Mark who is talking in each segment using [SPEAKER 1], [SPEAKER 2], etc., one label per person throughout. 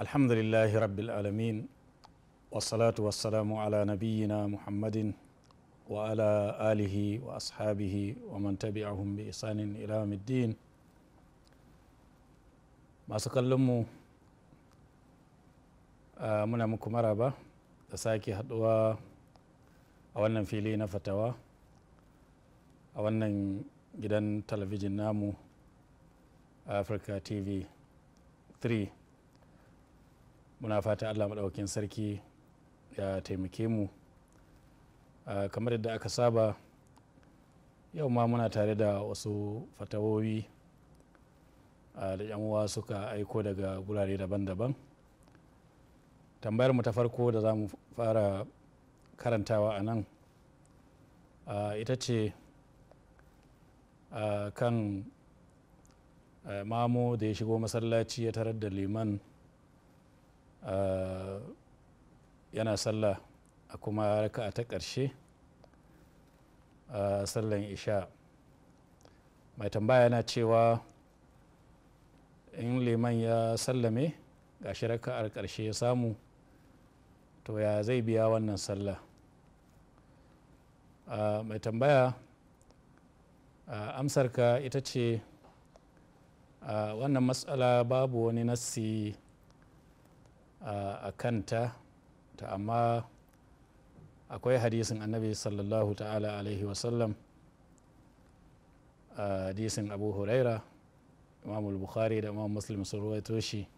[SPEAKER 1] الحمد لله رب العالمين wasalatu wasalamu ala nabiyyina muhammadin wa alihi wa ashabihi wa man tabi'ahum bi isanin ila middin masu kallonmu muna muku maraba da sake haduwa a wannan fili na fatawa a wannan gidan talabijin namu africa tv 3 muna fata allah maɗaukin sarki ya taimake mu kamar yadda aka saba yau ma muna tare da wasu fatawowi da yan suka aiko daga gurare daban-daban tambayar mu ta farko da za mu fara karantawa a nan ita ce kan mamo da ya shigo masallaci ya tarar da liman yana sallah a kuma raka ta ƙarshe a sallan isha mai tambaya yana cewa in liman ya sallame gashi raka'ar ƙarshe ya samu to ya zai biya wannan sallah mai tambaya amsarka ita ce wannan matsala babu wani nasi a kanta to amma akwai hadisin annabi sallallahu ta'ala alaihi wasallam hadisin abu huraira imam bukhari da imam muslim sun ruwaito shi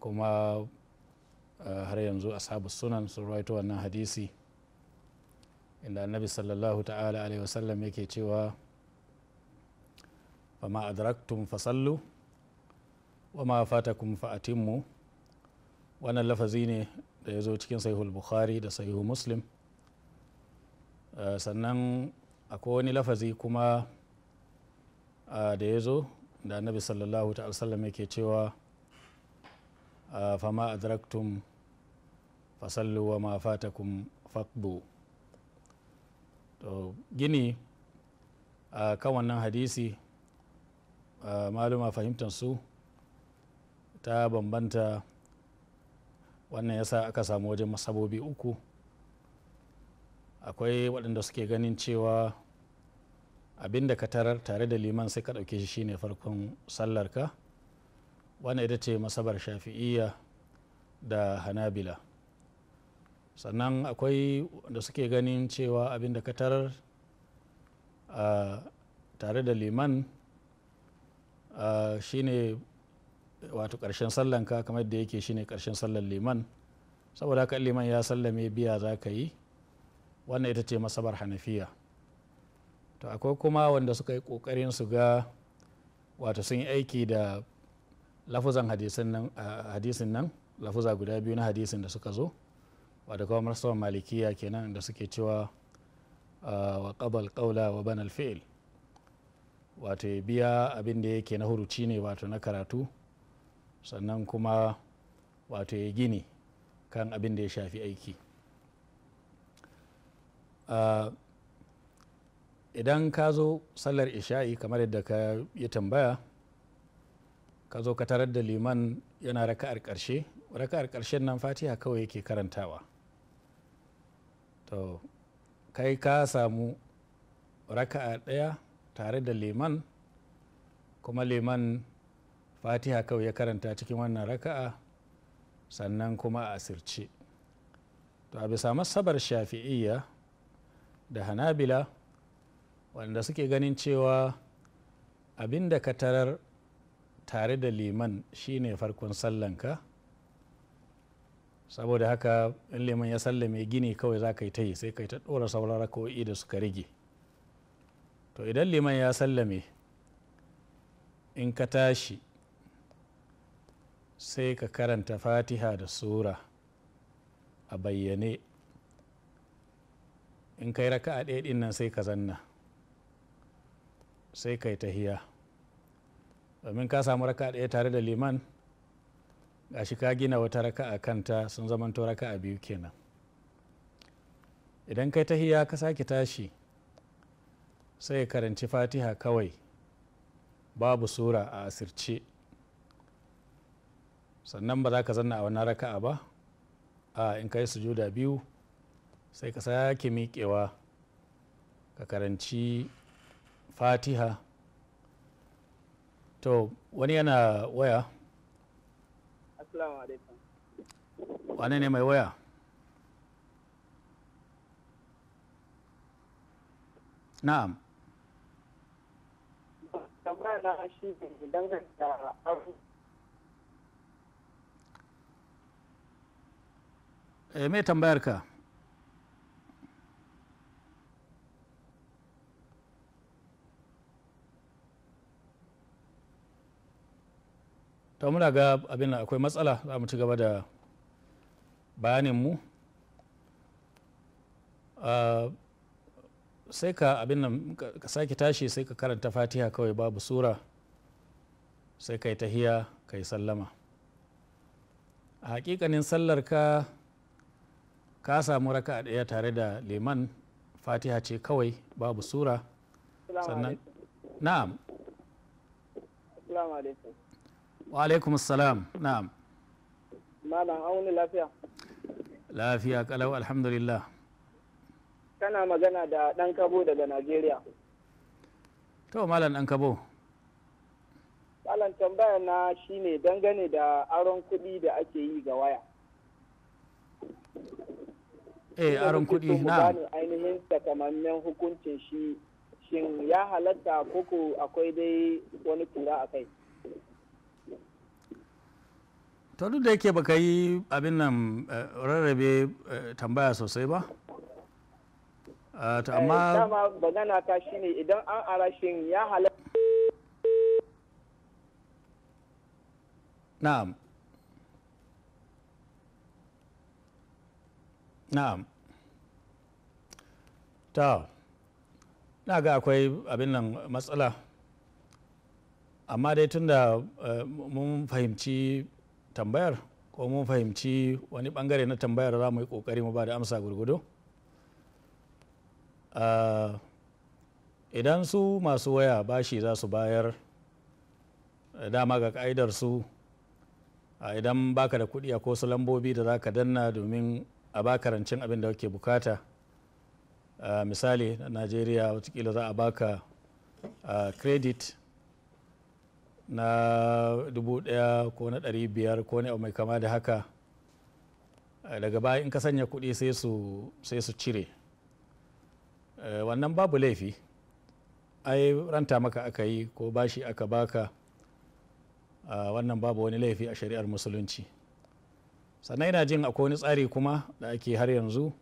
[SPEAKER 1] kuma har yanzu ashabu sunan sun ruwaito wannan hadisi inda annabi sallallahu ta'ala alaihi wasallam yake cewa fama adraktum fasallu wa ma fatakum fa'atimmu wannan lafazi ne da ya zo cikin sahihul bukhari da sahihul muslim eh, sannan akwai wani lafazi kuma eh, da ya zo da annabi sallallahu ta'ala sallam yake cewa eh, fama adraktum fasallu wa ma fatakum to gini a kan wannan hadisi maluma fahimtar su ta bambanta wannan yasa aka samu wajen masabobi uku akwai waɗanda suke ganin cewa abin da ka tarar tare da liman sai ka ɗauke shi shine farkon sallarka wannan ita ce masabar shafi'iyya da hanabila sannan akwai da suke ganin cewa abin da ka tarar ah, tare da liman ah, shine wato ƙarshen sallan ka kamar da yake shine ƙarshen sallan liman saboda haka liman ya sallame biya za ka yi wannan ita ce masabar hanafiya to akwai kuma wanda suka yi ƙoƙarin su ga wato sun yi aiki da lafuzan hadisin nan lafuza guda biyu na hadisin da suka zo wato kuma masabar malikiya kenan da suke cewa wa qabal qawla wa banal fi'l wato biya abin da yake na huruci ne wato na karatu sannan kuma wato ya gini kan abin da ya shafi aiki ah, idan ka zo sallar isha'i kamar yadda ka yi tambaya ka zo ka tarar da liman yana raka'ar ƙarshe raka'ar ƙarshen nan fatiha kawai yake karantawa to kai ka samu raka'a ɗaya tare da liman kuma liman fatiha kawai ya karanta cikin wannan raka'a sannan kuma a asirce to a bisa masabar shafi'iyya da hanabila wanda suke ganin cewa abinda ka tarar tare da liman shine farkon sallanka saboda haka in liman ya sallame gini kawai za ka yi ta yi sai ka yi ta ɗora sauran raka'o'i da suka rige to idan liman ya sallame in ka tashi sai ka karanta fatiha da sura a bayyane in kai raka'a ɗaya ɗin nan sai ka zanna sai kai tahiya domin ka samu raka'a ɗaya tare da liman gashi ka gina wata raka a kanta sun zamanto a biyu kenan idan kai tahiya ka sake tashi sai karanci fatiha kawai babu sura a asirce sannan ba za ka zanna a wannan raka'a ba a in ka yi juda biyu sai ka sake miƙewa ka karanci fatiha to wani yana waya wane ne mai waya na'am
[SPEAKER 2] tambaya na shi da abu
[SPEAKER 1] eh me tambayar ka ta muna ga abin akwai matsala za mu ci gaba da bayaninmu ah, sai ka abin nan ka sake tashi sai ka karanta fatiha kawai babu sura sai ka yi tahiya ka yi sallama a hakikanin sallar ka ka samu raka daya tare da liman fatiha ce kawai babu sura sannan na'am wa alaikum salam na'am
[SPEAKER 2] malam auni lafiya
[SPEAKER 1] lafiya kalau alhamdulillah
[SPEAKER 2] kana magana da dan kabo daga nigeria
[SPEAKER 1] to malam dan kabo
[SPEAKER 2] malam tambaya na shine dangane da aron kudi da ake yi ga waya
[SPEAKER 1] eh aron kudi na
[SPEAKER 2] ainihin takamaiman hukuncin shi shin ya halatta koko akwai dai wani kura a kai
[SPEAKER 1] to duk da yake baka yi abin nan eh, rarrabe eh, tambaya sosai ba ah, to eh, amma dama
[SPEAKER 2] magana ta shine idan an arashin ya halatta
[SPEAKER 1] na'am na'am ta na ga akwai abin nan matsala amma dai tunda eh, mun fahimci tambayar ko mun fahimci wani bangare na tambayar za mu yi kokari mu ba da amsa gurgudu eh, idan su masu waya bashi za su bayar eh, dama ga ka'idar su idan baka da kuɗi a ko su lambobi da za ka danna domin a baka rancen abin da kake bukata misali a najeriya watakila za a baka credit na dubu daya ko na dari biyar ko na mai kama da haka daga baya in ka sanya kudi sai su cire wannan babu laifi ai ranta maka aka yi ko bashi aka baka wannan babu wani laifi a shari'ar musulunci sannan ina jin akwai wani tsari kuma da ake har yanzu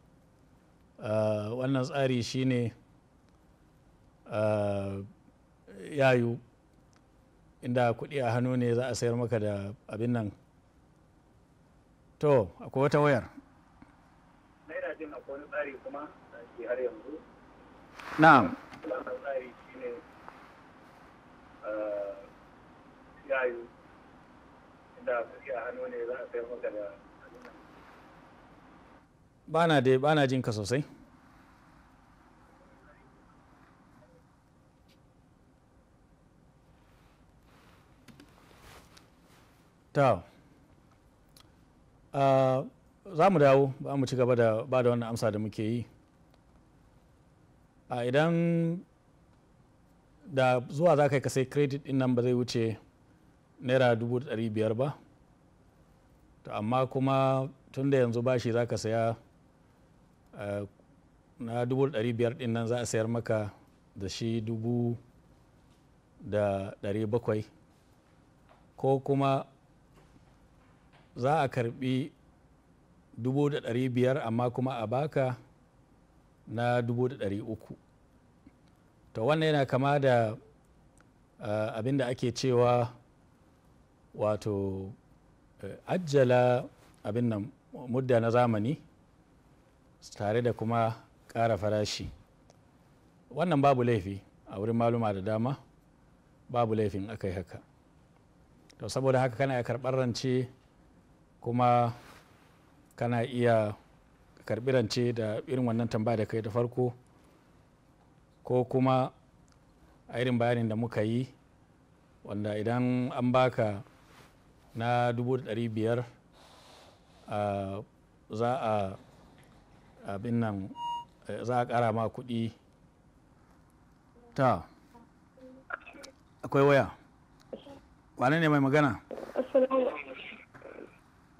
[SPEAKER 1] ah, wannan tsari shine ah, yayu inda kuɗi a hannu ne za a sayar maka da abin nan to akwai wata wayar
[SPEAKER 2] naira jin akwai wani tsari kuma da ake har yanzu na'am tsari shine ah, yayu inda kuɗi a hannu ne za a sayar maka da
[SPEAKER 1] bana dai bana jin ka sosai ta ah, za mu dawo ba mu ci gaba da ba da wannan amsa da muke yi a ah, idan da zuwa za ka yi kasai credit din nan ba zai wuce naira dubu biyar ba to amma kuma tun da yanzu bashi za ka saya na dubu ɗari biyar ɗin nan za a sayar maka da shi dubu da ɗari bakwai ko kuma za a karbi dubu da ɗari biyar amma kuma a baka na dubu da ɗari uku to wannan yana kama da uh, abin da ake cewa wato uh, ajjala abin nan mudda na zamani tare da kuma ƙara farashi wannan babu laifi a wurin maluma da dama babu laifin aka yi haka to saboda haka kana iya karɓar rance kuma kana iya karɓi rance da irin wannan tambaya da kai da farko ko kuma a irin bayanin da muka yi wanda idan an baka na biyar ah, za a abin nan eh, za a kara ma kuɗi ta akwai waya wane ne mai magana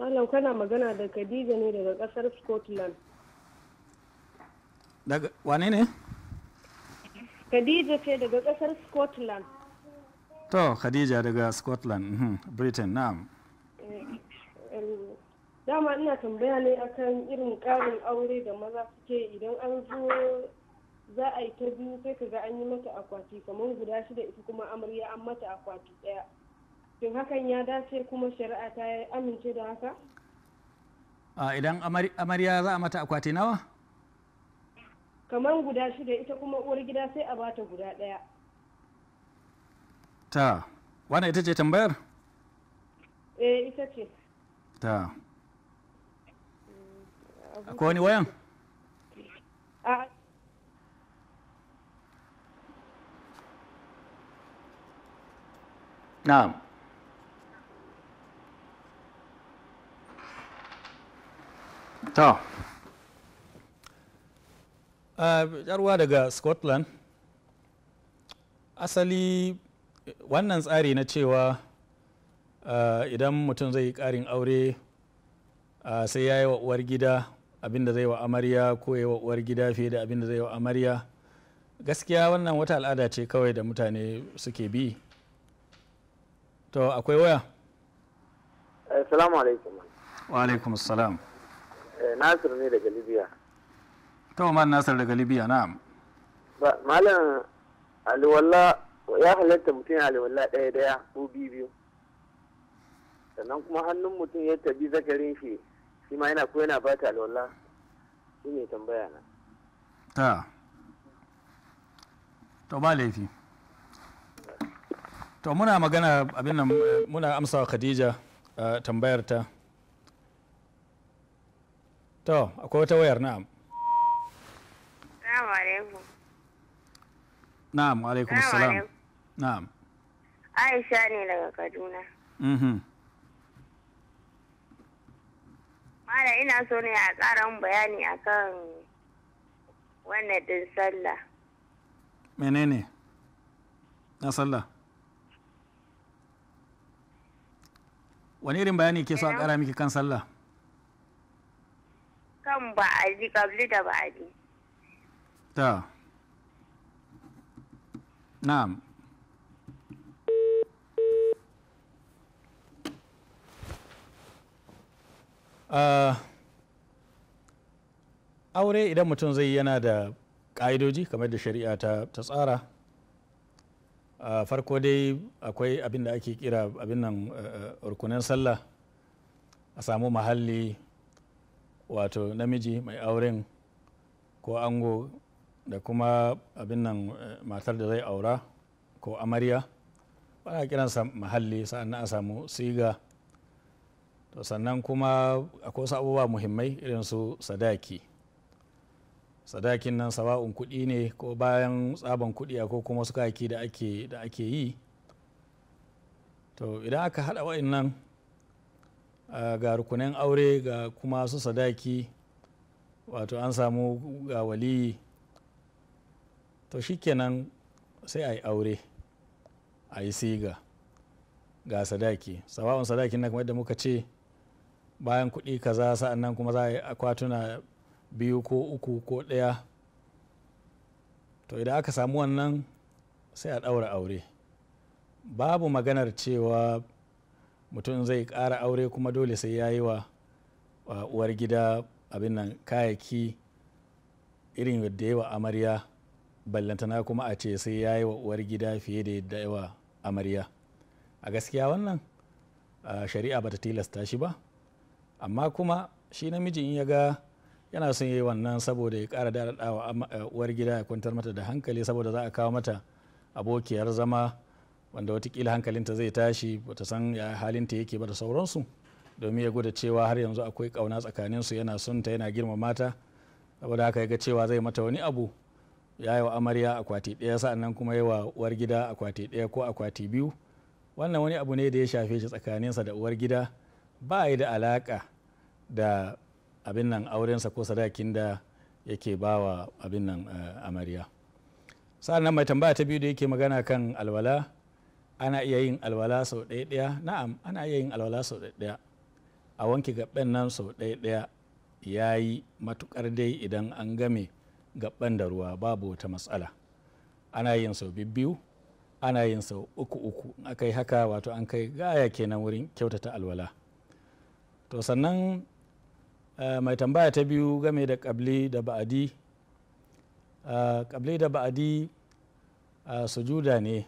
[SPEAKER 2] Malam kana magana da Khadija ne daga kasar Scotland.
[SPEAKER 1] Daga wane ne?
[SPEAKER 2] Khadija ce daga kasar Scotland.
[SPEAKER 1] To, Khadija daga Scotland, mhm, Britain, na'am.
[SPEAKER 2] Eh, dama ina tambaya ne akan irin ƙarin aure da maza suke idan an zo za a yi ta biyu sai ka ga an yi mata akwati kamar guda shida ita kuma amarya an mata akwati ɗaya shin hakan ya dace kuma shari'a ta amince da haka
[SPEAKER 1] idan amarya za a mata akwati nawa
[SPEAKER 2] kamar guda shida ita kuma uwar gida sai a bata guda ɗaya
[SPEAKER 1] ta wannan ita ce tambayar
[SPEAKER 2] eh ita ce ta Akwai wani
[SPEAKER 1] wayan? Na'am. Yarwa ah, daga Scotland, asali wannan tsari na cewa ah, idan mutum zai yi ƙarin aure ah, sai ya yi wa uwar gida abin da zai wa amarya ko ya wa uwar gida fiye da abin da zai wa amarya gaskiya wannan wata al'ada ce kawai da mutane suke bi to akwai waya
[SPEAKER 2] assalamu alaikum wa alaikum eh, nasir ne daga libya
[SPEAKER 1] to man nasir daga libya na'am
[SPEAKER 2] malam aliwalla ya halatta mutum ya aliwalla ɗaya ɗaya ko biyu biyu sannan kuma hannun mutum ya tabi zakarin shi shi ma yana ko yana bata alwala shi ne tambaya na
[SPEAKER 1] ta to ba laifi to muna magana abin nan muna amsa wa khadija tambayar ta to akwai wata wayar na'am
[SPEAKER 2] salamu
[SPEAKER 1] na'am alaikum salam na'am
[SPEAKER 2] aisha ne daga kaduna mhm Mala ina so ne a ƙara mun bayani akan wannan din sallah.
[SPEAKER 1] Menene? Na sallah. Wani irin bayani ke so a ƙara miki kan sallah?
[SPEAKER 2] Kan ba'adi, ƙabli da ba'adi.
[SPEAKER 1] Ta. Na'am. Uh, aure idan mutum zai yana da ƙa'idoji kamar da shari'a ta tsara a uh, farko dai akwai abin da ake kira abin nan uh, rukunin sallah a samu mahalli wato namiji mai auren ko ango da kuma abin nan matar da zai aura ko amarya ba a kiransa mahalli sa'an a samu siga to sannan kuma akwai wasu abubuwa muhimmai irin su sadaki sadakin nan sawa'un kuɗi ne ko bayan tsaban kuɗi ko kuma su kaki da ake yi to idan aka haɗa wa'in nan ga rukunin aure ga kuma su sadaki wato an samu ga waliyi to shikenan sai a yi aure a yi siga ga sadaki sawa'un sadakin na kamar da muka ce bayan kuɗi kaza nan kuma za a yi akwatuna biyu ko uku ko ɗaya to idan aka samu wannan sai a ɗaura aure babu maganar cewa mutum zai ƙara aure kuma dole sai ya yi wa uwar gida abin nan kayaki irin yadda yi wa amarya ballantana kuma a ce sai ya yi wa uwar gida fiye da yadda yi wa amarya a gaskiya wannan shari'a bata tilasta shi ba amma kuma shi namiji in ya ga yana son yi wannan saboda ya kara daɗaɗa wa eh, uwar gida ya kwantar mata da hankali saboda za a kawo mata abokiyar zama wanda watakila hankalinta zai tashi bata san ya halinta yake ba da sauransu domin ya gwada cewa har yanzu akwai ƙauna tsakaninsu yana son ta yana girma mata saboda haka ya ga cewa zai mata wani abu ya yi wa amarya akwati ɗaya sa'annan kuma yi wa uwar gida akwati ɗaya ko akwati biyu wannan wani abu ne da ya shafe shi tsakaninsa da uwar gida ba yi da alaƙa da abin nan aurensa ko sadakin da yake wa abin nan eh, amarya sa'an nan mai tambaya ta biyu da yake magana kan alwala ana iya yin alwala sau ɗaya ɗaya na'am ana iya yin alwala sau ɗaya ɗaya a wanke gaɓɓen nan sau ɗaya ɗaya ya yi matuƙar dai idan an game gaɓɓen da ruwa babu wata matsala ana yin sau biyu ana yin sau uku uku in aka yi haka wato an kai gaya kenan wurin kyautata alwala to sannan Eh, mai tambaya ta biyu game da kable da ba'adi kable eh, da ba'adi eh, sujuda ne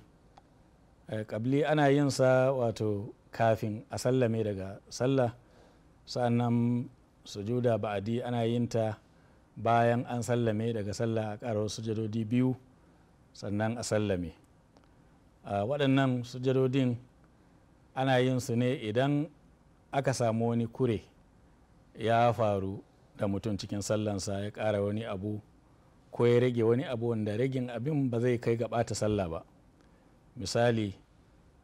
[SPEAKER 1] kable ana yin sa wato kafin a sallame daga sallah sa'annan sujuda ba'adi ana yin ta bayan an sallame daga sallah a karo sujadodi biyu sannan a sallame waɗannan sujadodin ana yin su ne idan aka samu wani kure ya faru da mutum cikin sallansa ya ƙara wani abu ko ya rage wani abu wanda ragin abin ba zai kai ga ɓata sallah ba misali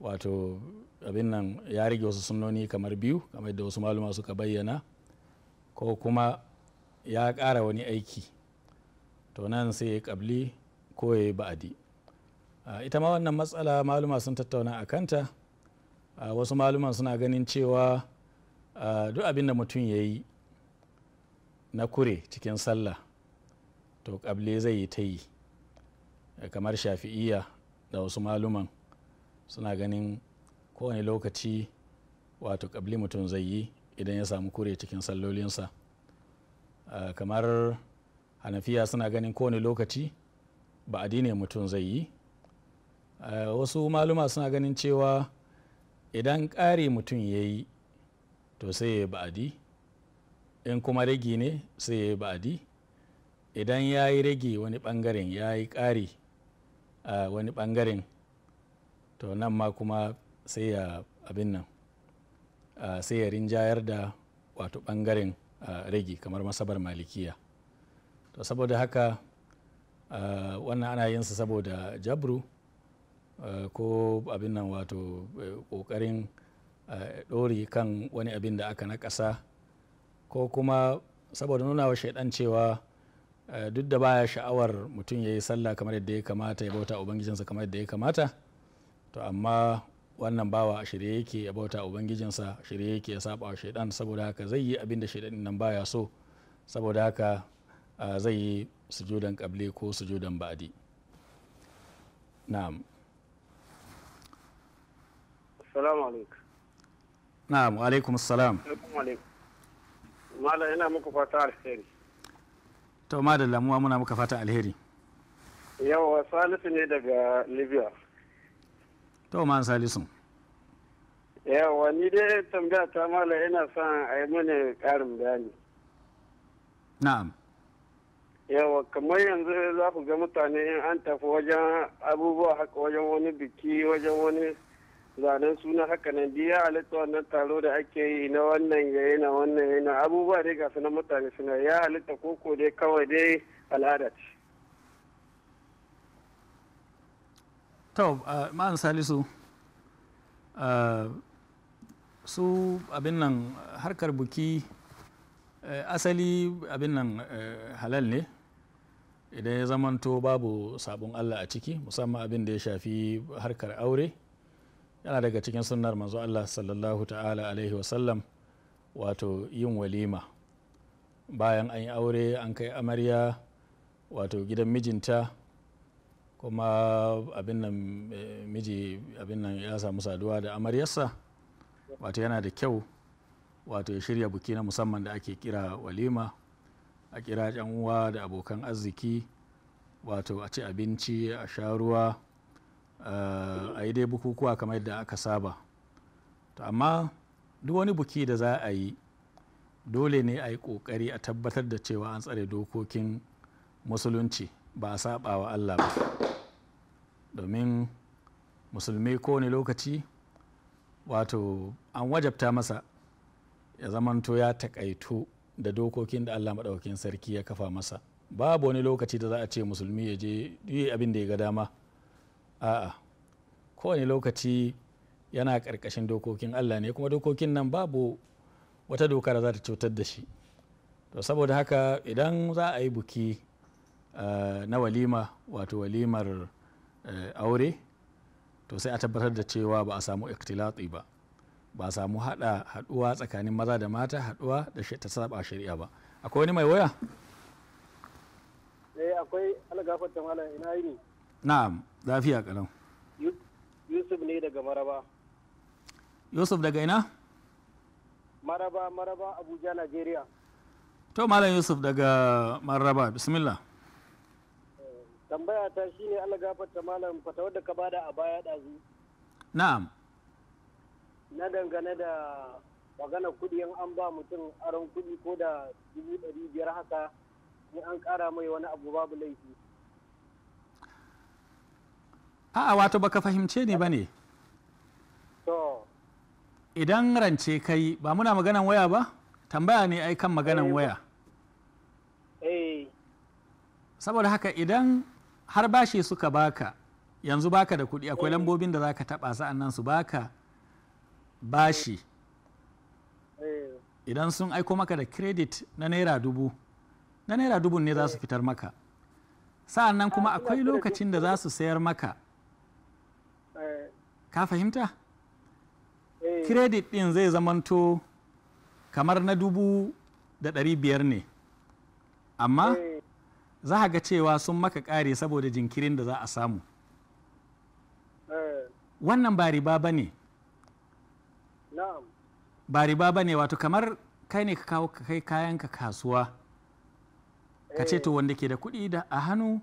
[SPEAKER 1] wato abin nan ya rage wasu sunnoni kamar biyu kamar da wasu maluma suka bayyana ko kuma ya ƙara wani aiki to nan sai ya ƙabli ko ya yi ba'adi ita ma wannan matsala maluma sun tattauna a kanta wasu maluman suna ganin cewa Ah, duk abin da mutum ya yi na kure cikin sallah to ƙable zai yi ta yi kamar shafi'iya da wasu maluman suna ganin kowane lokaci wato kable mutum zai yi idan ya samu kure cikin sallolinsa ah, kamar hanafiya suna ganin kowane lokaci ba addini mutum zai yi ah, wasu maluma suna ganin cewa idan ƙari mutum ya yi to sai ya ba'adi in kuma ragi ne sai ya ba'adi idan ya yi rage wani bangaren ya yi ƙari a wani bangaren to nan ma kuma sai ya abin nan sai ya rinjayar da wato bangaren rage kamar masabar malikiya to saboda haka wannan ana yin yinsa saboda jabru ko abin nan wato eh, ƙoƙarin ɗori kan wani abin da aka naƙasa ko kuma saboda nuna wa shaidan cewa duk da baya sha'awar mutum ya yi sallah kamar yadda ya kamata ya bauta ubangijinsa kamar yadda ya kamata to amma wannan bawa a shirye yake ya bauta ubangijinsa a shirye yake ya saba wa shaidan saboda haka zai yi abin da shaidan nan baya so saboda haka zai yi sujudan kable ko sujudan ba'adi na'am
[SPEAKER 2] assalamu alaikum
[SPEAKER 1] na'am wa alaikum salam
[SPEAKER 2] malam ina muku fata alheri
[SPEAKER 1] to ma da lamuwa muna muka fata alheri
[SPEAKER 2] yawa salisu ne daga libya
[SPEAKER 1] to ma salisu
[SPEAKER 2] yawa ni dai tambaya ta mala ina son a yi mini karin bayani na'am yawa kamar yanzu za ku ga mutane in an tafi wajen abubuwa haka wajen wani biki wajen wani zanen suna haka nan biya halitta wannan taro da ake yi na wannan ya na wannan na abubuwa dai ga na mutane suna ya halitta koko dai kawai dai al'ada ce.
[SPEAKER 1] to ma'an salisu su abin nan harkar buki e, asali abin nan e, halal ne idan ya zamanto babu sabon allah a ciki musamman abin da ya shafi harkar aure yana daga cikin sunnar manzo Allah sallallahu ta'ala alaihi wasallam wato yin walima bayan an yi aure an kai amarya wato gidan mijinta kuma abin nan eh, miji abin nan ya samu saduwa da amaryarsa wato yana da kyau wato ya shirya buki na musamman da ake kira walima a kira uwa da abokan arziki wato a ci abinci a sha ruwa Eh, a yi dai bukukuwa kamar yadda aka saba to amma duk wani buki da za a yi dole ne a yi kokari a tabbatar da cewa an tsare dokokin musulunci ba a saba wa allah ba domin musulmi kowane lokaci wato an wajabta masa ya zamanto ya takaitu da dokokin da allah maɗaukin sarki ya kafa masa babu wani lokaci da za a ce musulmi ya je yi abin da ya ga dama a'a kowane lokaci yana ƙarƙashin dokokin allah ne kuma dokokin nan babu wata doka da za ta cutar da shi to saboda haka idan za a yi buki eh, na walima wato walimar eh, aure to sai a tabbatar da cewa ba a samu ikhtilati ba ba a samu haɗa haɗuwa tsakanin maza da mata haɗuwa da ta saba shari'a ba akwai wani mai waya
[SPEAKER 2] eh akwai ina yi
[SPEAKER 1] na'am lafiya kalau
[SPEAKER 2] yusuf ne daga maraba
[SPEAKER 1] yusuf daga ina
[SPEAKER 2] maraba maraba abuja nigeria
[SPEAKER 1] to malam yusuf daga maraba bismillah
[SPEAKER 2] tambaya ta shine Allah gafarta malam fata wadda ka bada a baya ɗazu. Na'am. Na dangane da maganar kuɗi in an ba mutum aron kuɗi ko da dubu ɗari biyar haka in an ƙara mai wani abu babu laifi.
[SPEAKER 1] a'a wato baka fahimce ni bane idan rance kai ba muna maganan waya ba tambaya ne ai kan maganan eh. waya eh. saboda haka idan har bashi suka baka yanzu baka da kuɗi akwai eh. lambobin da zaka taɓa sa'an nan su baka bashi idan sun aiko maka da credit na naira dubu na naira dubu ne za su fitar maka sa'an nan kuma ah, akwai lokacin da za su sayar maka ka fahimta eh. credit din zai zamanto kamar na dubu da ɗari biyar ne amma eh. za a ga cewa sun maka ƙare saboda jinkirin da za a samu eh. wannan ba riba ba ne ba riba ba ne wato kamar kai ne ka kawo kai ka kasuwa ka ce to wanda ke da kuɗi da a hannu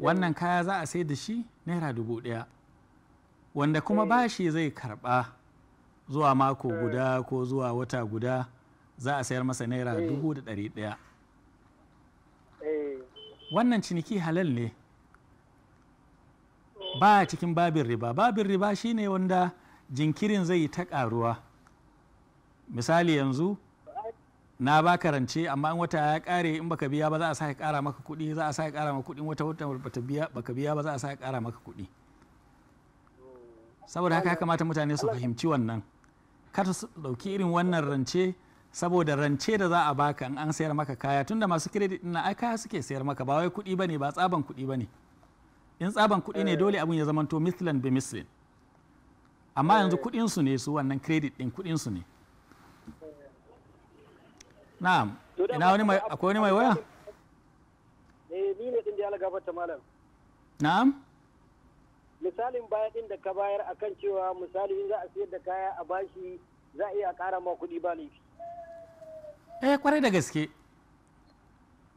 [SPEAKER 1] wannan kaya za a sai da shi naira dubu ɗaya wanda kuma bashi zai karba zuwa mako guda ko zuwa wata guda za a sayar masa naira eh. dubu da ɗari ɗaya eh. wannan ciniki halal ne ba a cikin babin riba babin riba shine wanda jinkirin zai yi ta ƙaruwa misali yanzu na ba rance amma in wata ya kare in baka biya ba za a sake kara maka kuɗi za a sake kara maka kuɗi wata wata baka biya ba za a sake kara maka kuɗi saboda haka ya kamata mutane su fahimci wannan kar su dauki irin wannan rance saboda rance da za a baka in an sayar maka kaya tunda masu kredit na ai kaya suke sayar maka ba wai kuɗi bane ba tsaban kuɗi bane in tsaban kuɗi ne dole abun ya zamanto mislan bi mislin amma yanzu kudin su ne su wannan credit din kudin su ne na'am ina wani mai akwai wani mai waya
[SPEAKER 2] eh ni ne din da ya gabata malam na'am misalin baya din da ka bayar a kan cewa misali za a sayar da kaya a bashi za a iya ƙara ma kuɗi ba ne
[SPEAKER 1] Eh kwarai da gaske.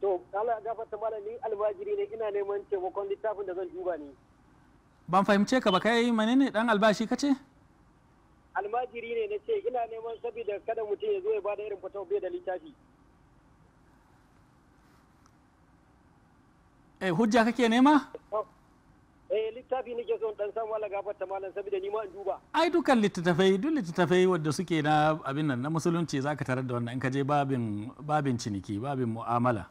[SPEAKER 2] To Allah ya gafarta ni albajiri ne ina neman taimakon littafin da zan duba ne.
[SPEAKER 1] Ban fahimce ka ba kai menene dan albashi kace?
[SPEAKER 2] Almajiri ne na ce ina neman saboda kada mutum ya zo ya bada irin fatawa bai da littafi.
[SPEAKER 1] Eh hujja kake nema?
[SPEAKER 2] eh littafi nake son dan gafarta malam saboda ni ma in duba
[SPEAKER 1] ai dukan littattafai duk littattafai wanda suke na abin nan na musulunci zaka tarar da wannan in ka je babin babin ciniki babin mu'amala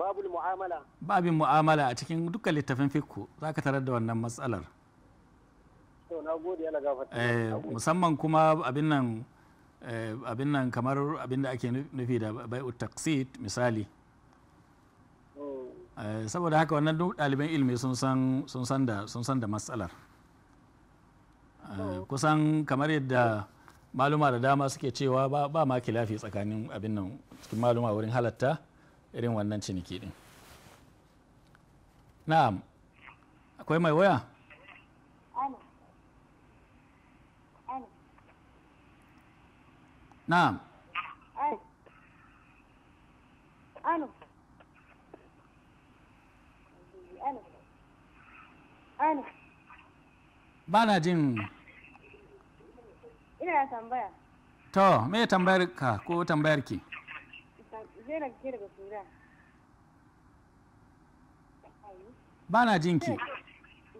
[SPEAKER 2] babul mu'amala
[SPEAKER 1] babin mu'amala a cikin dukkan littafin fikku zaka tarar da wannan matsalar to na gode gafarta eh musamman kuma abin nan eh, abin nan kamar abin da ake nufi da bai'ut taqsid misali Eh, saboda haka wannan duk ɗaliban ilimi sun san da matsalar eh, kusan kamar yadda maluma da dama suke cewa ba ma kilafi tsakanin abin nan cikin maluma wurin halatta irin wannan ciniki din na'am akwai mai waya na'am ba na jin
[SPEAKER 2] ina tambaya
[SPEAKER 1] to me tambayar ka ko tambayar ki
[SPEAKER 2] zainab ke daga sudan
[SPEAKER 1] ba na jin ki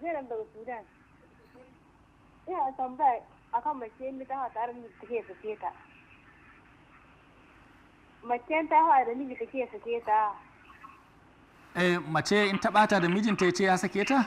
[SPEAKER 2] zainab daga sudan ina tambaya a kan mace yin mita hawa tare da take sake ta mace yin ta hawa da miji take sake ta
[SPEAKER 1] eh mace in ta bata da mijinta ya ce ya sake ta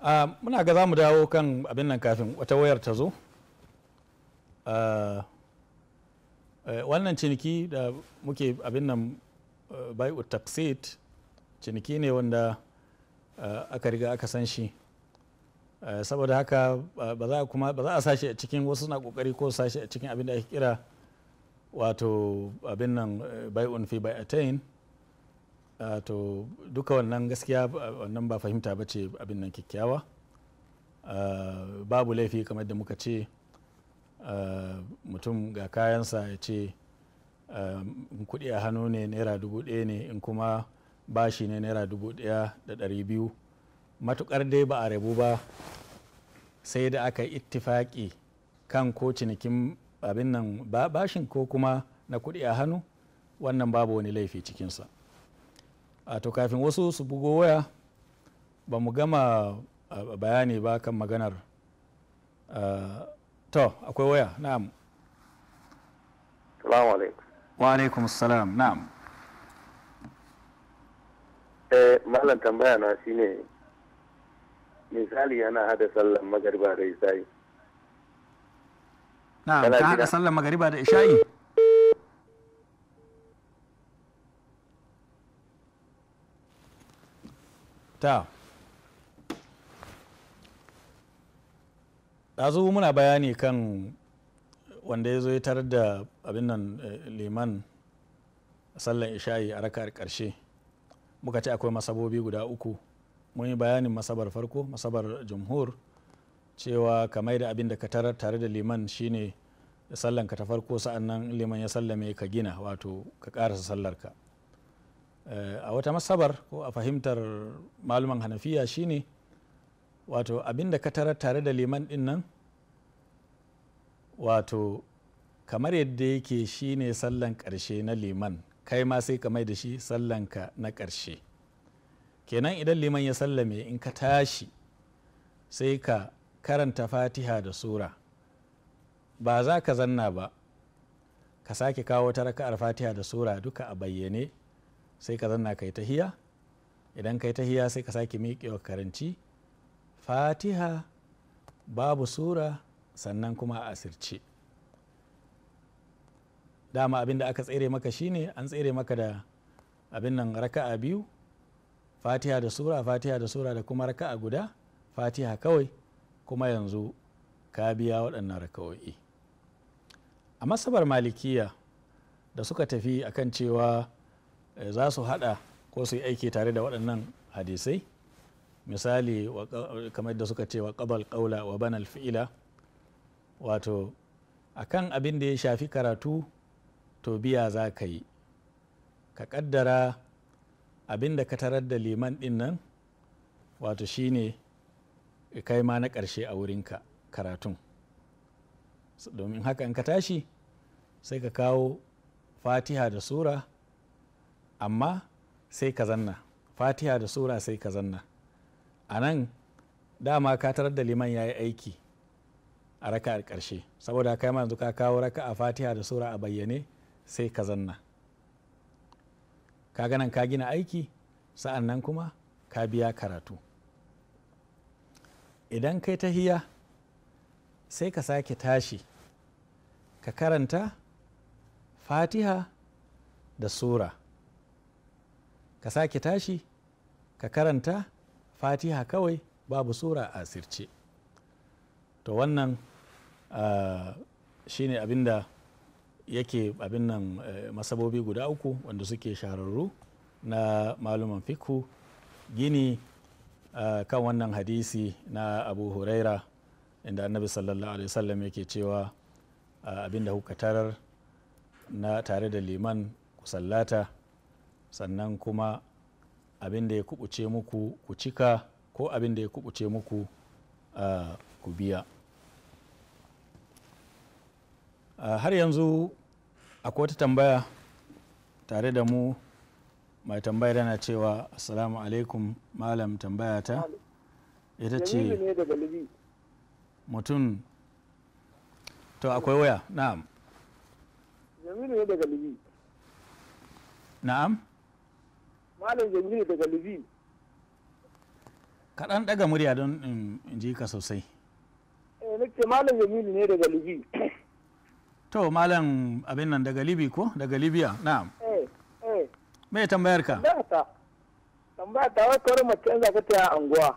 [SPEAKER 1] Ah, muna ga za mu dawo kan abin nan kafin wata wayar ta zo ah, eh, wannan ciniki da muke abin nan eh, bai'u taxit ciniki ne wanda eh, aka riga aka san shi saboda haka ba za a sashi a cikin wasu suna kokari ko sashi a cikin abin da ake kira wato abin nan bai'un fi attain to duka wannan gaskiya wannan ba fahimta ba ce abin nan kyakkyawa babu laifi kamar da muka ce mutum ga kayansa ya ce in kuɗi a hannu ne naira dubu ɗaya ne in kuma bashi ne naira dubu ɗaya da ɗari biyu matukar dai ba a rabu ba sai da aka yi ittifaƙi kan ko cinikin abin nan bashin ko kuma na kuɗi a hannu wannan babu wani laifi cikinsa to kafin wasu su bugo waya ba mu gama bayani ba kan maganar to akwai waya na'am salamu alaikum wa alaikum salam na'am
[SPEAKER 2] eh malam tambaya na shi ne misali yana hada sallan magariba da isa'i
[SPEAKER 1] na'am ka hada sallan magariba da isha'i ta ɗazu muna bayani kan wanda ya zo ya tarar da abin nan eh, liman sallan isha'i a rakar ƙarshe muka ce akwai masabobi guda uku mun yi bayanin masabar farko masabar jumhur cewa kamar da abin da ka tarar tare da liman shine sallan ka ta farko sa'an nan liman ya sallame ka gina wato ka ƙarasa sallarka. ka Eh, a wata masabar ko a fahimtar maluman hanafiya shine wato abin da ka tara tare da liman din nan wato kamar yadda yake shine sallan karshe na liman kai ma sai ka mai da shi sallanka na ƙarshe kenan idan liman ya sallame in ka tashi sai ka karanta fatiha da sura ba za ka zanna ba ka sake kawo wata raka'ar fatiha da sura duka a bayyane sai ka zanna kai tahiya idan kai tahiya sai ka sake miƙewa karanci fatiha babu sura sannan kuma a asirce dama abin da aka tsere maka shine an tsere maka da abin nan raka'a biyu fatiha da sura fatiha da sura da kuma raka'a guda fatiha kawai kuma yanzu ka biya waɗannan raka'o'i a masabar malikiya da suka tafi akan cewa Eh, za su hada ko su yi aiki tare da waɗannan hadisai misali kamar da suka ce wa ƙabal ƙaula wa banal fi'ila wato a kan abin da ya shafi karatu to biya za ka yi ka ƙaddara abin da ka tarar da liman ɗin nan wato shine kai ma na ƙarshe a wurinka karatun domin haka in ka tashi sai ka kawo fatiha da sura amma sai ka zanna fatiha da sura sai ka zanna a nan dama ka tarar da liman ya yi aiki a raka a ƙarshe saboda kai yanzu ka kawo raka a fatiha da sura a bayyane sai ka zanna ka ganan ka gina aiki sa'an nan kuma ka biya karatu idan kai ta hiya sai ka sake tashi ka karanta fatiha da sura ka sake tashi ka karanta fatiha kawai babu sura a asirce to wannan ah, shine abinda yake abin nan eh, masabobi guda uku wanda suke shahararru na maluman fikhu gini ah, kan wannan hadisi na abu huraira inda annabi sallallahu alaihi wasallam yake cewa ah, abinda kuka na tare da liman ku sallata sannan kuma abin da ya kubuce muku ku cika ko abin da ya kubuce muku ku biya har yanzu akwai wata tambaya tare da mu mai tambaya dana cewa assalamu alaikum malam tambaya ta ita ce mutum to akwai waya na'am
[SPEAKER 2] ne daga libi na'am Malam Jamilu daga Lubin.
[SPEAKER 1] Kaɗan ɗaga murya don in ji ka sosai.
[SPEAKER 2] Eh, nake malin Jamilu ne daga Lubin.
[SPEAKER 1] To, Malam abin nan daga Libi ko? Daga Libya, na'am.
[SPEAKER 2] Eh, eh.
[SPEAKER 1] Me tambayar ka?
[SPEAKER 2] Tambaya ta wai kawai mace yanzu ka taya anguwa.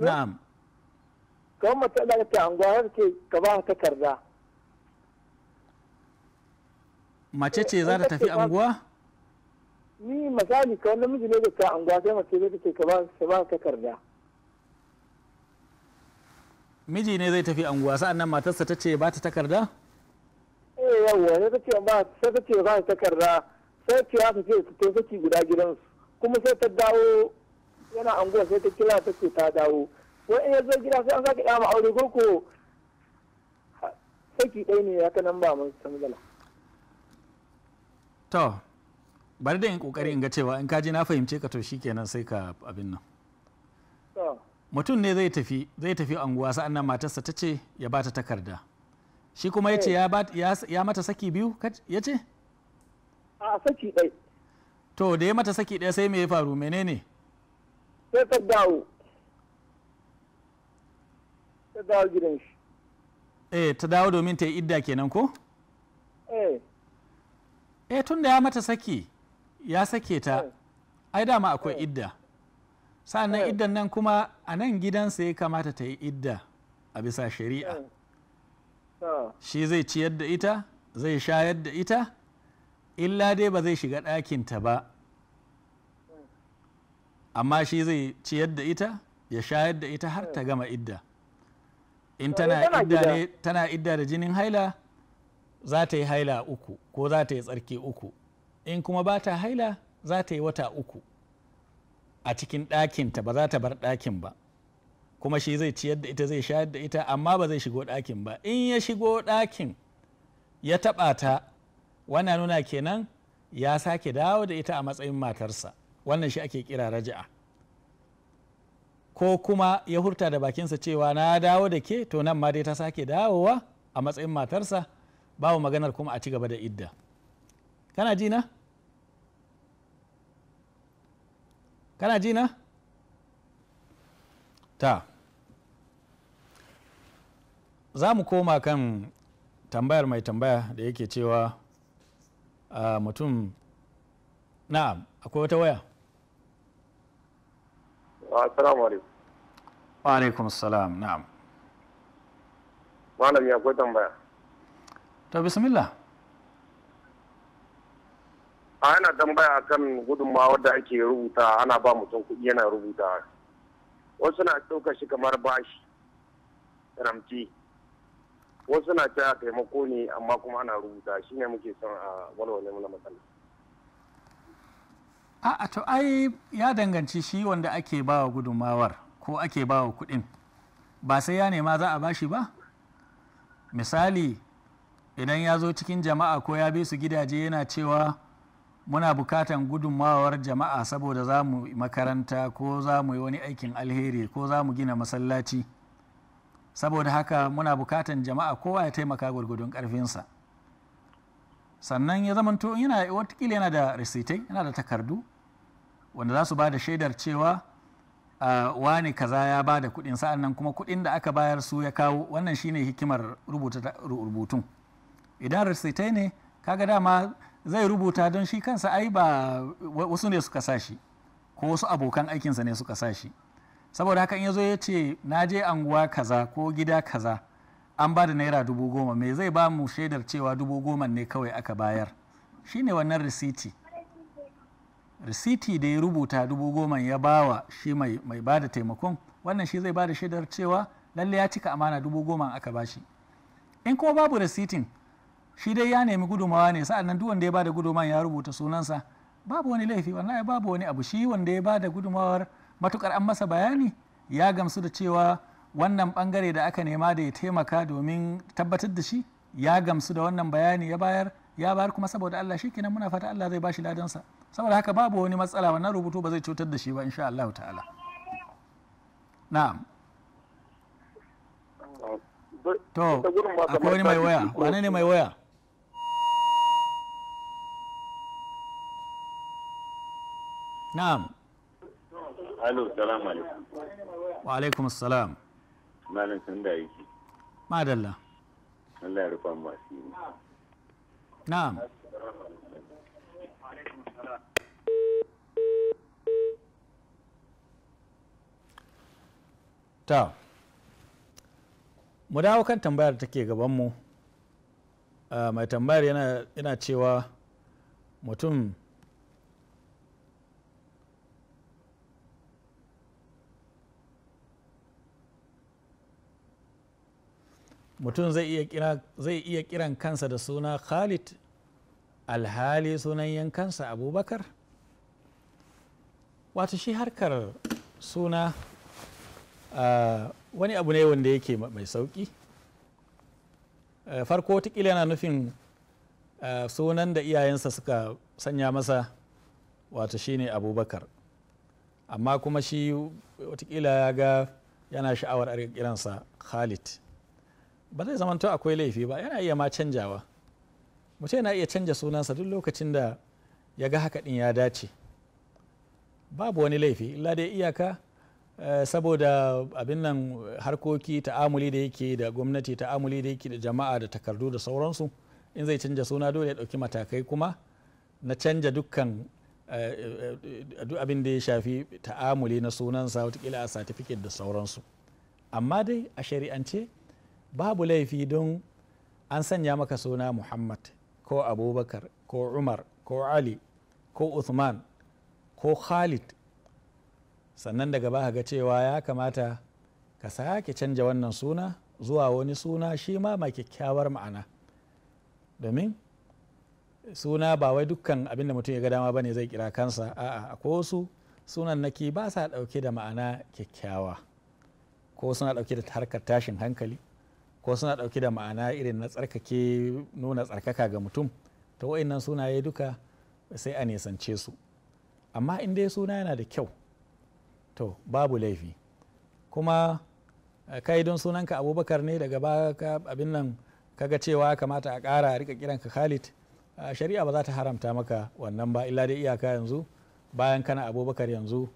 [SPEAKER 2] Na'am. Kawai mace yanzu ka taya anguwa, yanzu ka ba ka ba takarda.
[SPEAKER 1] mace ce za ta tafi anguwa
[SPEAKER 2] ni misali ka wanda miji ne da ta anguwa sai mace ne take ka ba takarda
[SPEAKER 1] miji ne zai tafi anguwa sa'an nan matarsa ta ce ba ta takarda
[SPEAKER 2] eh yawa ne take ba sai ta ce ba ta takarda sai ce ta ce ta saki guda gidansu kuma sai ta dawo yana anguwa sai ta kira ta ce ta dawo wai in ya zo gida sai an sake ma aure ko ko saki ɗaya ne ya nan ba mun san matsala
[SPEAKER 1] to bari da yin kokari eh. in ga cewa in kaji na fahimce ka to shikenan sai ka abin nan mutum ne zai tafi zai tafi anguwa sa'an nan matarsa ta ce ya ba ta takarda shi kuma ya ce eh. ya mata saki biyu ya ce a saki ɗai to da ya mata saki ɗaya sai me ya faru menene sai ta dawo
[SPEAKER 2] ta dawo gidan shi
[SPEAKER 1] eh ta dawo domin ta yi idda kenan ko eh eh tun da ya mata saki ya sake ta eh. ai dama akwai eh. idda sa'annan eh. iddan nan kuma a nan gidansa ya kamata ta yi idda a bisa shari'a shi zai ciyar da ita zai shayar da ita illa dai ba zai shiga ɗakinta ba amma shi zai ciyar da ita ya shayar da ita har ta gama idda in tana idda ne tana idda da jinin haila za ta yi haila uku ko za ta yi tsarki uku in kuma ba ta haila za ta yi wata uku a cikin ɗakinta ba za ta bar ɗakin ba kuma shi zai ciyar da ita zai shayar da ita amma ba zai shigo ɗakin ba in ya shigo ɗakin ya taɓa ta wannan nuna kenan ya sake dawo da ita a matsayin matarsa wannan shi ake kira raja'a ko kuma ya hurta da bakinsa cewa na dawo da ke to nan ma dai ta sake dawowa a matsayin matarsa babu maganar kuma a ci gaba da idda kana ji na kana ji na ta za mu koma kan tambayar mai tambaya da yake cewa mutum na'am akwai wata waya
[SPEAKER 2] assalamu alaikum
[SPEAKER 1] wa alaikum salam na'am
[SPEAKER 2] malam ya akwai tambaya to bismillah a yana tambaya kan gudunmawa da ake rubuta ana ba mutum kuɗi yana rubuta wasu na ɗauka shi kamar bashi ramci. wasu na cewa taimako ne amma kuma ana rubuta shi ne muke son a walwale na matsala
[SPEAKER 1] a to ai ya danganci shi wanda ake ba wa gudunmawar ko ake ba wa kuɗin ba sai ya nema za a bashi ba misali idan ya zo cikin jama'a ko ya bi su gidaje yana cewa muna bukatan gudunmawar jama'a saboda za mu makaranta ko za mu yi wani aikin alheri ko za mu gina masallaci saboda haka muna bukatan jama'a kowa ya taimaka gwargwadon karfinsa sannan ya zamanto yana watakila yana da risitai yana da takardu wanda za su ba da shaidar cewa wani kaza ya ba da kuɗin sa'an nan kuma kuɗin da aka bayar su ya kawo wannan shine hikimar rubutun idan risitai ne kaga dama zai rubuta don shi kansa ai ba wasu ne suka sa shi ko wasu abokan aikinsa ne suka sa shi saboda haka in ya zo ya ce na je anguwa kaza ko gida kaza an ba da naira dubu goma me zai ba mu shaidar cewa dubu goma ne kawai aka bayar shine wannan risiti risiti da ya rubuta dubu goma ya bawa shi mai, mai ba da taimakon wannan shi zai ba da shaidar cewa lalle ya cika amana dubu goma aka shi in kuma babu risitin shi dai ya nemi gudumawa ne sa'an nan duk wanda ya bada gudumawa ya rubuta sunansa babu wani laifi wallahi babu wani abu shi wanda ya bada gudumawar matukar an masa bayani ya gamsu da cewa wannan bangare da aka nema da ya taimaka domin tabbatar da shi ya gamsu da wannan bayani ya bayar ya bayar kuma saboda Allah shikenan muna fata Allah zai bashi ladansa saboda haka babu wani matsala wannan rubutu ba zai cutar da shi ba insha Allah ta'ala na'am to akwai wani mai waya wane ne mai waya na'am
[SPEAKER 2] alo salamu alaikum
[SPEAKER 1] wa alaikum salam sun da yake madalla
[SPEAKER 2] Allah ya rufa yi
[SPEAKER 1] na'am ta mu dawo kan tambayar da take gabanmu ah, mai tambayar yana cewa mutum mutum zai iya kiran kansa da suna khalid alhali sunan yankansa abubakar wato shi harkar suna wani abu ne wanda yake mai sauki farko watakila yana nufin sunan da iyayensa suka sanya masa wato ne abubakar amma kuma shi watakila ya ga yana sha'awar kiransa khalid ba zai zamanto akwai laifi ba yana iya ma canjawa mutum yana iya canja sunansa duk lokacin da ya ga haka ɗin ya dace babu wani laifi illa dai iyaka eh, saboda abin nan harkoki ta'amuli da yake da gwamnati ta'amuli da yake da jama'a da takardu da sauransu in zai canja suna dole ya ɗauki matakai kuma na canja dukkan eh, duk abin da ya shafi ta'amuli na sunansa watakila a satifiket da sauransu amma dai a shari'ance babu laifi don an sanya maka suna muhammad ko abubakar ko umar ko ali ko uthman ko khalid sannan daga ba ga cewa ya kamata ka sake canja wannan suna zuwa wani suna shi ma mai kyakkyawar ma'ana domin suna ba wai dukkan abinda mutum ya ga dama ne zai kira kansa a'a ko su sunan naki ba sa dauke da ma'ana kyakkyawa ko suna dauke da harkar tashin hankali ko suna ɗauke da ma'ana irin na tsarkake nuna tsarkaka ga mutum ta wa'innan sunaye duka sai a nisance su amma in dai suna yana da kyau to babu laifi kuma eh, kai don sunanka abubakar ne daga ba abin nan kaga cewa kamata a kara rika rika kiranka khalid shari'a ba za ta haramta maka wannan ba illa dai iyaka yanzu bayan kana abubakar yanzu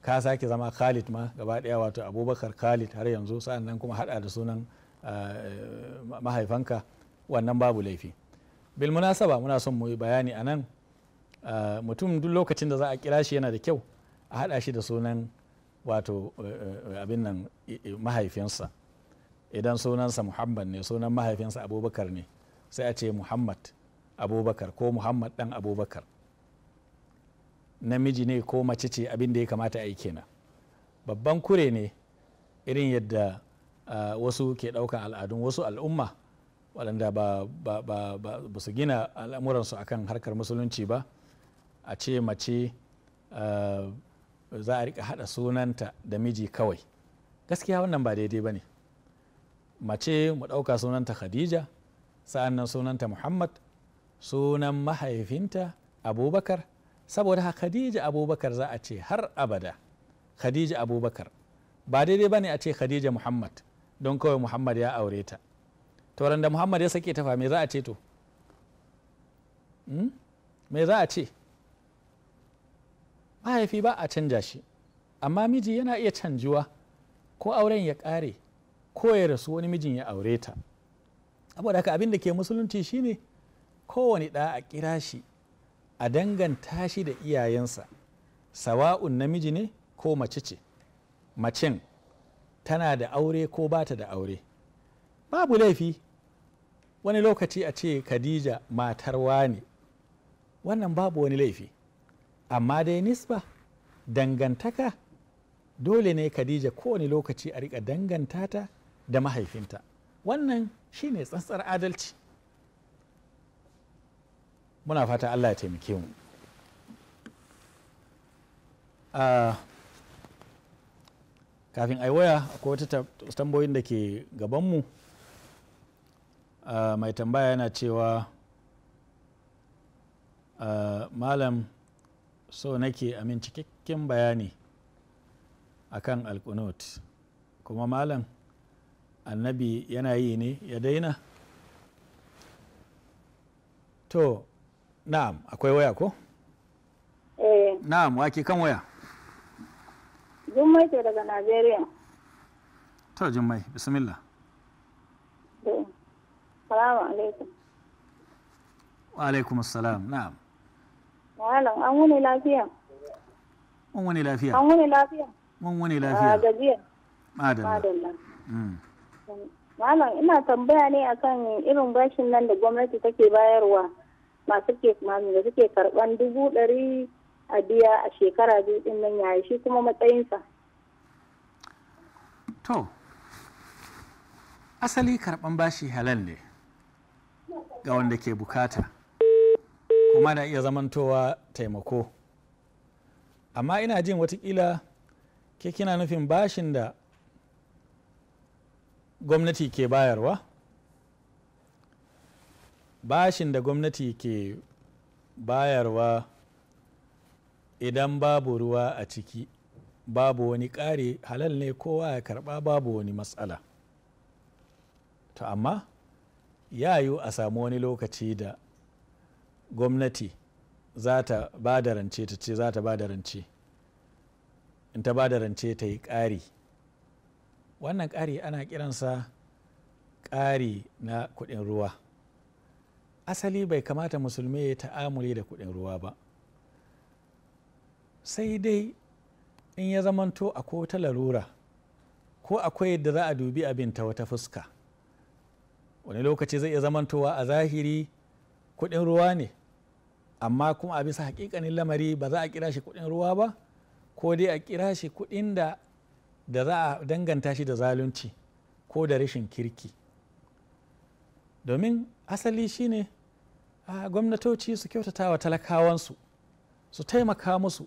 [SPEAKER 1] ka sake zama khalid ma gaba ɗaya wato abubakar khalid har yanzu sa'an nan kuma hada da sunan mahaifanka wannan babu laifi bil munasaba muna son mu yi bayani a nan eh, mutum duk lokacin da za a kira shi yana da kyau a haɗa shi da sunan wato eh, eh, abin nan mahaifinsa idan sunansa muhammad ne sunan mahaifinsa abubakar ne sai a ce muhammad abubakar ko muhammad ɗan abubakar namiji ne ko mace ce abin da ya kamata a yi kenan babban kure ne irin yadda wasu ke ɗaukan al'adun wasu al'umma waɗanda ba ba su gina al'amuransu akan harkar musulunci ba a ce mace za a rika haɗa sunanta da miji kawai gaskiya wannan ba daidai ba ne mace mu ɗauka sunanta khadija sa'annan sunanta muhammad sunan mahaifinta abubakar saboda ha khadija abubakar za a ce har abada khadija abubakar ba daidai ba ne a ce khadija muhammad don kawai muhammad ya aure ta tauran da muhammad ya sake tafa me za a ce to mai hmm? za a ce mahaifi ba a canja shi amma miji yana iya canjuwa ko auren ya kare, ko ya rasu wani mijin ya aure ta saboda haka abin da ke musulunci shine kowane ɗa a kira shi a danganta shi da iyayensa sawa'un namiji ne ko mace ce macen tana da aure ko ba ta da aure babu laifi wani lokaci a ce khadija matar ne wannan babu wani laifi amma dai nisba dangantaka dole ne khadija kowane lokaci a rika danganta ta da mahaifinta wannan shine tsantsar adalci muna fata allah ya taimake mu ah, kafin ai waya akwai wata tambayoyin da ke gabanmu mu ah, mai tambaya yana cewa ah, malam so nake amin cikakken bayani akan alkunut kuma malam annabi yana yi ne ya daina to na'am akwai waya ko? Eh. na'am wake kan waya
[SPEAKER 2] jummai ce daga najeriya
[SPEAKER 1] to jummai bismillah
[SPEAKER 2] salamu alaikum
[SPEAKER 1] wa alaikum na'am
[SPEAKER 2] malam an wuni lafiya
[SPEAKER 1] mun wuni lafiya an wuni lafiya mun wuni lafiya a gajiya madalla mm.
[SPEAKER 2] malam ina tambaya ne akan irin bashin nan da gwamnati take bayarwa masu ke da suke karban dubu ɗari a biya a shekara biyu din nan yayi shi kuma matsayinsa
[SPEAKER 1] to asali karban bashi halal ne ga wanda ke bukata kuma na iya zamantowa taimako amma ina jin watakila ke kina nufin bashin da gwamnati ke bayarwa bashin da gwamnati ke bayarwa idan babu ruwa a ciki babu wani ƙari halal ne kowa ya karɓa babu wani matsala to amma ya yi a samu wani lokaci da gwamnati za ta ba da rance ta ce za ta ba da rance in ta ba da rance ta yi ƙari wannan ƙari ana kiransa ƙari na kuɗin ruwa asali bai kamata musulmi ya ta'amuli da kuɗin ruwa ba sai dai in ya zamanto akwai wata larura ko akwai yadda za a dubi abin ta wata fuska wani lokaci zai iya zamantowa a zahiri kudin ruwa ne amma kuma a bisa hakikanin lamari ba za a kira shi kudin ruwa ba ko dai a kira shi kudin da da za a danganta shi da zalunci ko da rashin kirki domin asali shine gwamnatoci su kyautata wa talakawansu su taimaka musu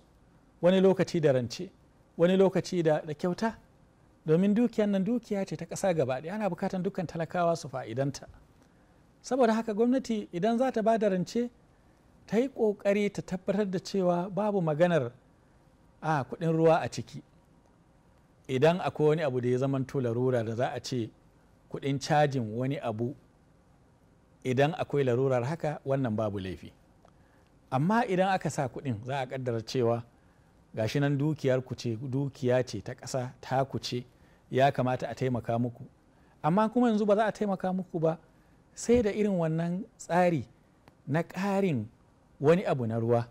[SPEAKER 1] wani lokaci da rance wani lokaci da kyauta domin dukiyan nan dukiya ce ta ƙasa gaba ɗaya ana bukatan dukkan talakawa su fa'idanta saboda haka gwamnati idan za ta ba da rance ta yi ƙoƙari ta tabbatar da cewa babu maganar a kuɗin ruwa a ciki idan akwai wani abu da ya zama larura da za a ce kuɗin cajin wani abu idan akwai larurar haka wannan babu laifi amma idan aka sa kuɗin za a ƙaddara cewa gashi nan dukiyar ku ce dukiya ce ta ƙasa ta ku ce ya kamata a taimaka muku amma kuma yanzu ba za a taimaka muku ba sai da irin wannan tsari na ƙarin wani abu na ruwa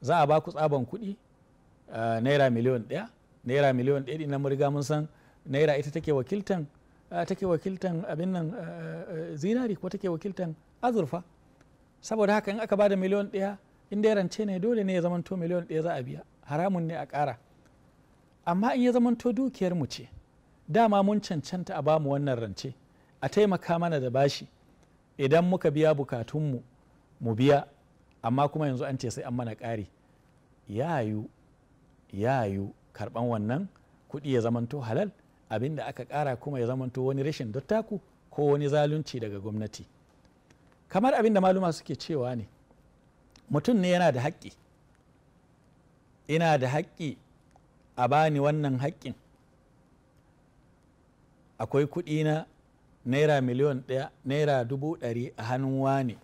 [SPEAKER 1] za a ba ku tsaban kuɗi naira miliyon ɗaya naira miliyon ɗaya ɗin mun riga mun san naira ita take wakiltan take wakiltan abin nan zinari ko take wakiltan azurfa saboda haka in aka ba da miliyon ɗaya in da rance ne dole ne ya zamanto miliyon ɗaya za a biya haramun ne a ƙara amma in ya zamanto dukiyar mu ce dama mun cancanta a bamu wannan rance a taimaka mana da bashi idan muka biya bukatunmu mu biya amma kuma yanzu an ce sai an mana ƙari yayu yayu karɓan wannan kuɗi ya zamanto halal abin da aka ƙara kuma ya zamanto wani rashin dattaku ko wani zalunci daga gwamnati kamar abin da maluma suke cewa ne mutum ne yana da haƙƙi ina da haƙƙi a bani wannan haƙƙin akwai kuɗi na naira miliyon ɗaya naira dubu ɗari a hannun wane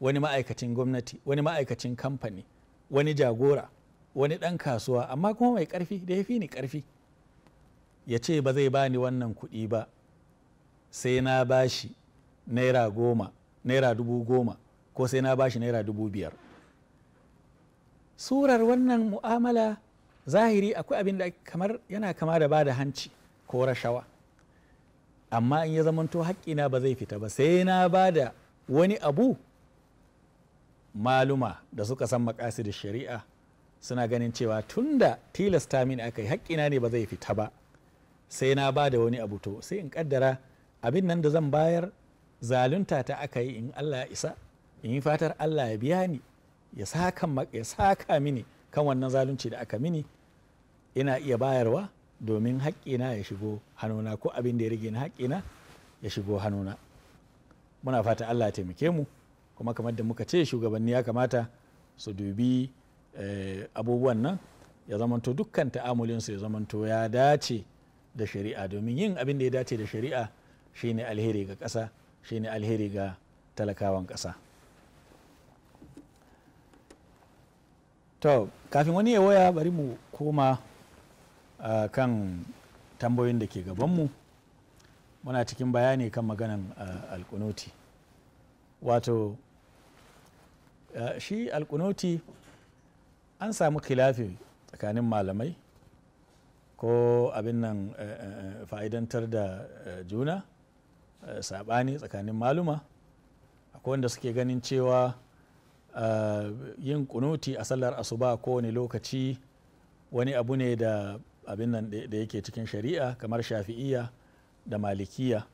[SPEAKER 1] wani ma'aikacin gwamnati wani ma'aikacin kamfani wani jagora wani ɗan kasuwa amma kuma mai ƙarfi da ya fi ni ƙarfi ya ce ba zai bani wannan kuɗi ba sai na bashi naira goma naira dubu goma ko sai na bashi naira dubu biyar surar wannan mu'amala zahiri akwai abin da kamar yana kama da bada hanci ko rashawa amma in ya zamanto haƙƙina ba zai fita ba sai na bada wani abu maluma da suka san makasi da shari'a suna ganin cewa tunda tilasta min aka yi haƙƙina ne ba zai fita ba sai na bada wani abu to sai in kaddara abin nan da zan bayar zalunta ta aka yi in allah ya isa in yi fatar allah ya biya ni ya saka mini kan wannan zalunci da aka mini ina iya bayarwa domin haƙƙina ya shigo hannuna ko abin da ya rage na haƙƙina ya shigo hannuna muna fata allah ya taimake mu kuma kamar da muka ce shugabanni ya kamata su dubi eh, abubuwan nan ya zamanto dukkan ta'amulinsu ya zamanto ya dace da shari'a domin yin abin da ya dace da shari'a shine alheri ga ƙasa shine alheri ga talakawan ƙasa. to kafin wani ya waya bari mu koma uh, kan tambayoyin da ke gabanmu muna cikin bayani kan maganan uh, alkunoti wato shi alkunoti an samu kilafi tsakanin malamai ko abin nan fa'idantar da juna saɓani tsakanin maluma akwai wanda suke ganin cewa yin kunuti a sallar asuba kowane lokaci wani abu ne da abin nan da yake cikin shari'a kamar shafi'iya da malikiya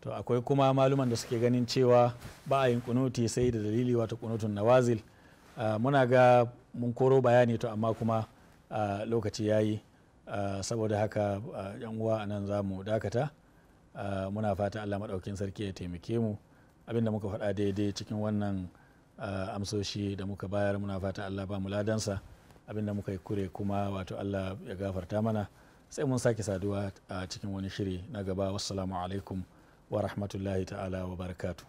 [SPEAKER 1] to akwai kuma maluman da suke ganin cewa ba a yin kunuti sai da dalili wato kunutun nawazil muna ga mun koro bayani to amma kuma lokaci ya yi saboda haka yan uwa a nan za mu dakata muna fata allah maɗaukin sarki ya taimake mu abinda muka faɗa daidai cikin wannan Ah, amsoshi da muka bayar muna fata allah ba mu ladansa abinda muka yi kure kuma wato allah ya gafarta mana sai mun sake saduwa a cikin wani shiri na gaba wassalamu alaikum wa rahmatullahi ta'ala wa barakatu.